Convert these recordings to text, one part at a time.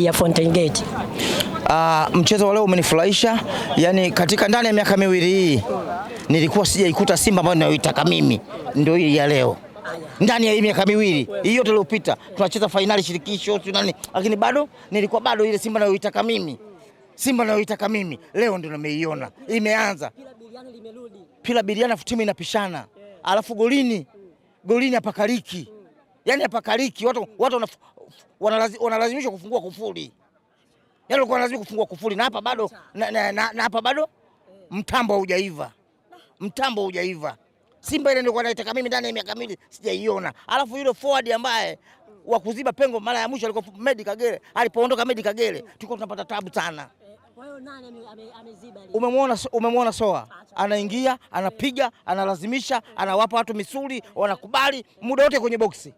ya Fountain Gate. Uh, mchezo wa leo umenifurahisha yani, katika ndani ya miaka miwili hii nilikuwa sijaikuta Simba ambayo ninayoitaka mimi, ndio hii ya leo ndani ya hii miaka miwili hii yote iliyopita tunacheza fainali shirikisho nani, lakini bado nilikuwa bado ile Simba nayoitaka mimi, Simba nayoitaka mimi leo ndio nimeiona imeanza. Pila biliana timu inapishana, alafu golini golini hapakaliki yani apakaliki, watu watu wanalazimishwa kufungua kufuli, yani walikuwa lazima kufungua kufuli, na hapa bado na, na, na, na hapa bado mtambo haujaiva, mtambo haujaiva. Simba ile nilikuwa naitaka mimi ndani ya miaka miwili sijaiona. Alafu yule forward ambaye wa kuziba pengo mara ya mwisho alikuwa Medi Kagere, alipoondoka Medi Kagere tulikuwa tunapata tabu sana. Umemwona, umemwona Soa anaingia, anapiga, analazimisha, eh, eh. anawapa watu misuli, wanakubali muda wote kwenye boksi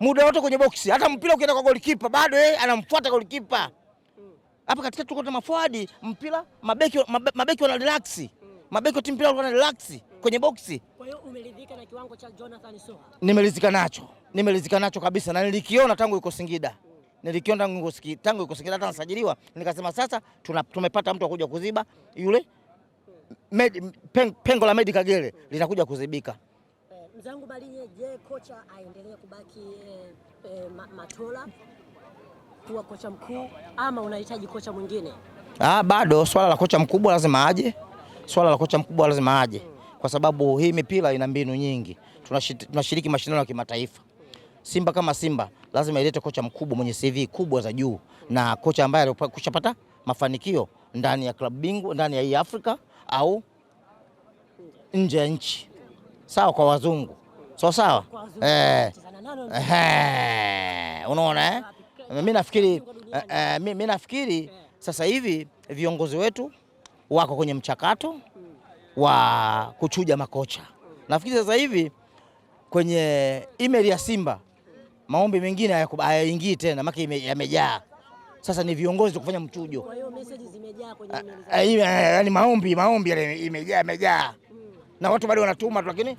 muda wote kwenye boksi, hata mpira ukienda kwa golikipa bado yeye anamfuata golikipa. Hapa katika tuko na mafuadi mpira, mabeki mabeki wana relax, mabeki wa timu pia wana relax kwenye boksi. Kwa hiyo umeridhika na kiwango cha Jonathan Soa? Nimeridhika nacho, nimeridhika nacho kabisa, na nilikiona tangu yuko Singida nilikiona tangu yuko Singida, tangu yuko Singida, hata nasajiliwa nikasema sasa tuna, tumepata mtu akuja kuziba yule med, pen, pengo la Medi Kagere linakuja kuzibika mzangu Malinye, je, kocha aendelee kubaki eh, eh, Matola kuwa kocha mkuu ama unahitaji kocha mwingine? Ah, bado swala la kocha mkubwa lazima aje, swala la kocha mkubwa lazima aje, kwa sababu hii mipira ina mbinu nyingi. Tunashiriki mashindano ya kimataifa. Simba kama Simba lazima ilete kocha mkubwa mwenye CV kubwa za juu na kocha ambaye alikushapata mafanikio ndani ya klabu bingwa ndani ya hii Afrika au nje ya nchi sawa kwa wazungu, sawa sawa eh, eh, unaona eh? Mimi nafikiri eh, mimi eh, nafikiri sasa hivi viongozi wetu wako kwenye mchakato wa kuchuja makocha. Nafikiri sasa hivi kwenye email ya Simba maombi mengine hayaingii tena, maki yamejaa. Sasa ni viongozi kufanya mchujo, yaani maombi maombi yale imejaa imejaa na watu bado wanatuma tu, lakini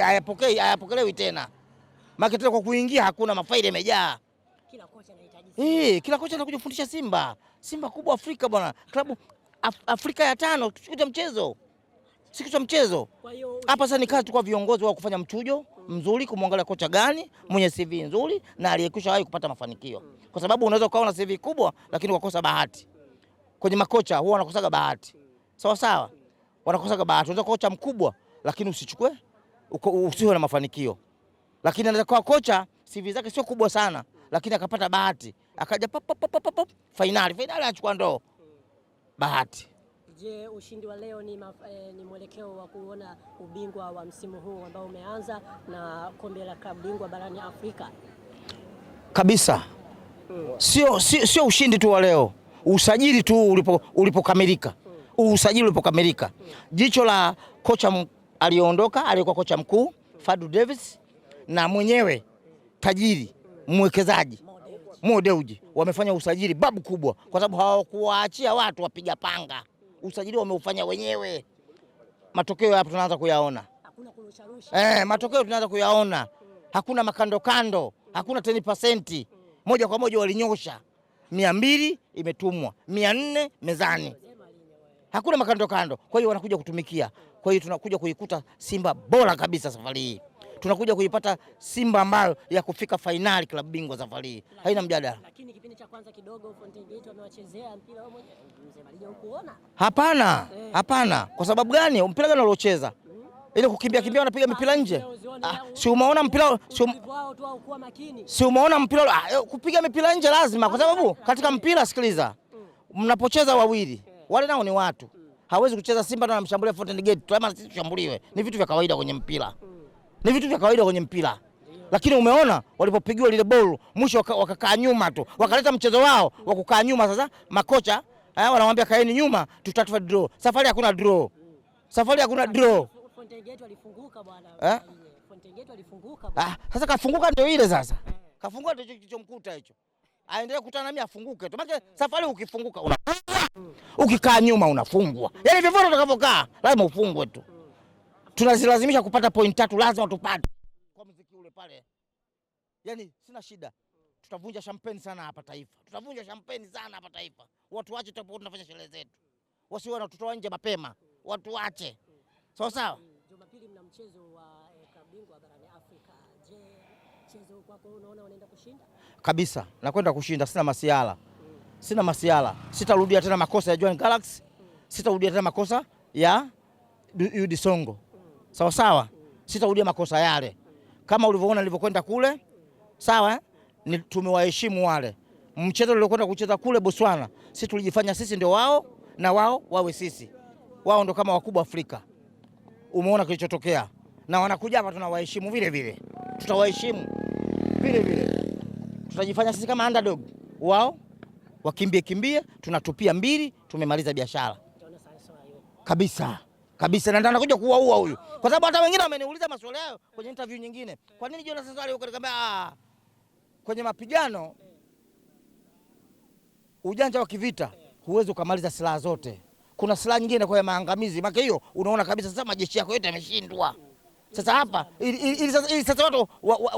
hayapokei hayapokelewi tena. Maana tena kwa kuingia hakuna mafaili yamejaa. Kila kocha anahitaji eh, kila kocha anakuja kufundisha Simba. Simba kubwa Afrika bwana, klabu Af Afrika ya tano siku za mchezo, siku za mchezo. Hapa sasa ni kazi tu kwa viongozi wao kufanya mchujo mzuri, kumwangalia kocha gani mwenye CV nzuri na aliyekwisha wahi kupata mafanikio, kwa sababu unaweza ukawa na CV kubwa lakini ukakosa bahati. Kwenye makocha huwa wanakosaga bahati, sawa sawa wanakosa bahati. Unaweza kocha mkubwa lakini usichukue usiwe na mafanikio, lakini anaweza kuwa kocha CV zake sio kubwa sana, lakini akapata bahati akaja pop pop pop pop finali finali achukua ndoo, bahati. Je, ushindi wa leo ni, eh, ni mwelekeo wa kuona ubingwa wa msimu huu ambao umeanza na kombe la klabu bingwa barani Afrika kabisa? Hmm. Sio, sio, sio ushindi tu wa leo, usajili tu ulipokamilika ulipo usajili ulipokamilika, jicho la kocha aliondoka, aliyekuwa kocha mkuu Fadu Davis na mwenyewe tajiri mwekezaji Mo Dewji wamefanya usajili babu kubwa, kwa sababu hawakuwaachia watu wapiga panga. Usajili wameufanya wenyewe, matokeo hapo tunaanza kuyaona. Eh, matokeo tunaanza kuyaona, hakuna makandokando, hakuna 10%. Moja kwa moja walinyosha, mia mbili imetumwa, mia nne mezani hakuna makando kando. Kwa hiyo wanakuja kutumikia. Kwa hiyo tunakuja kuikuta Simba bora kabisa safari hii, tunakuja kuipata Simba ambayo ya kufika fainali klabu bingwa safari hii, haina mjadala. Lakini kipindi cha kwanza kidogo Fountain Gate wamewachezea mpira wao mwenyewe, msemaji hukuona? Hapana, eh. hapana. Kwa sababu gani? mpira gani waliocheza hmm? ile kukimbia kimbia wanapiga ah, mipira nje. Ah, si umeona mpira um- si umeona mpira ah, eh, kupiga mipira nje lazima, kwa sababu katika mpira, sikiliza, hmm. mnapocheza wawili wale nao ni watu. Hawezi kucheza Simba na mshambulia Fountain Gate, tu, sisi tushambuliwe. Ni vitu vya kawaida kwenye mpira, ni vitu vya kawaida kwenye mpira. Lakini umeona walipopigiwa lile bolu mwisho wakakaa waka nyuma tu, wakaleta mchezo wao wa kukaa nyuma. Sasa makocha eh, wanamwambia kaeni nyuma, tutatafuta draw. Safari hakuna draw, safari hakuna draw. Fountain Gate walifunguka bwana eh? Fountain Gate walifunguka ah, bwana. Ah, sasa kafunguka ndio ile sasa, kafunguka ndio kilichomkuta hicho aendelee kukutana nami afunguke tu. Maana mm. safari ukifunguka unafungwa. Ukikaa nyuma unafungwa. Mm. Yaani vyovyote utakavyokaa lazima ufungwe tu. Mm. Tunazilazimisha kupata point tatu lazima tupate. Kwa muziki ule pale. Yaani sina shida. Tutavunja champagne sana hapa taifa. Tutavunja champagne sana hapa taifa. Watu wache tupo tunafanya sherehe zetu. Wasiwe na watoto nje mapema. Watu wache. Sawa sawa. Jumapili mna mchezo wa bingwa barani Afrika. Je, mchezo kwako unaona unaenda kushinda? Kabisa, nakwenda kushinda, sina masiala mm. sina masiala, sitarudia tena makosa ya Joan Galaxy mm. sitarudia tena makosa ya Yudi Songo mm. sawa sawa mm. sitarudia makosa yale mm. kama ulivyoona nilivyokwenda kule mm. sawa ni tumewaheshimu wale mchezo uliokwenda kucheza kule Botswana, sisi tulijifanya sisi ndio wao na wao wawe sisi, wao ndo kama wakubwa Afrika. Umeona kilichotokea na wanakuja hapa tunawaheshimu vile vile, tutawaheshimu vile vile, tutajifanya sisi kama underdog wao, wakimbie kimbie, tunatupia mbili, tumemaliza biashara kabisa kabisa, na ndio anakuja kuwaua huyu, kwa sababu hata wengine wameniuliza maswali hayo kwenye interview nyingine, kwa nini Jonas Sassari yuko? ah, kwenye mapigano, ujanja wa kivita, huwezi ukamaliza silaha zote, kuna silaha nyingine kwa maangamizi. Maana hiyo unaona kabisa sasa majeshi yako yote yameshindwa sasa hapa ili sasa watu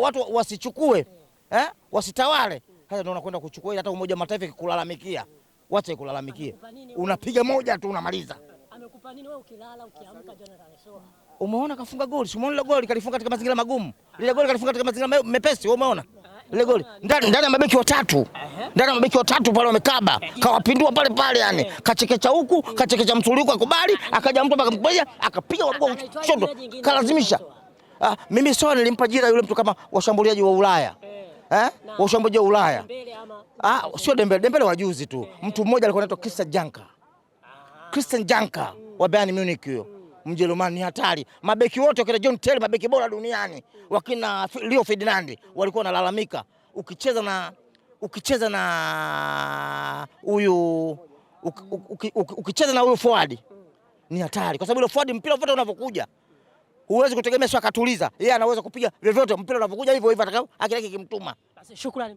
watu wasichukue eh, wasitawale. Sasa ndio unakwenda kuchukua, hata Umoja wa Mataifa ikulalamikia, wacha ikulalamikie, unapiga moja tu unamaliza. Amekupa nini wewe ukilala ukiamka? General Soa umeona kafunga goli, umeona ile goli kalifunga katika mazingira magumu, lile goli kalifunga katika mazingira mepesi, wewe umeona ile goli ndani ndani, mabeki watatu ndani, mabeki watatu pale wamekaba, eh, kawapindua pale pale, yani eh. kachekecha huku kachekecha, msuli huku akubali, akaja mtu akamkubalia, akapiga shoto, kalazimisha. Ah, mimi sio nilimpa jira yule mtu kama washambuliaji wa Ulaya eh, eh? washambuliaji wa Ulaya. Ah, sio Dembele, Dembele wa juzi tu, mtu mmoja alikuwa anaitwa Christian Janka, ah. Christian Janka wa Bayern Munich huyo mm. Mjerumani ni hatari. Mabeki wote wakina John Terry, mabeki bora duniani, wakina Leo Ferdinand walikuwa wanalalamika, ukicheza na ukicheza na huyu ukicheza na huyu forward ni hatari, kwa sababu ile forward mpira wote unavyokuja huwezi kutegemea, sio akatuliza yeye, anaweza kupiga vyovyote mpira unavyokuja hivyo hivyo, atakao akilaki kimtuma. Basi shukrani.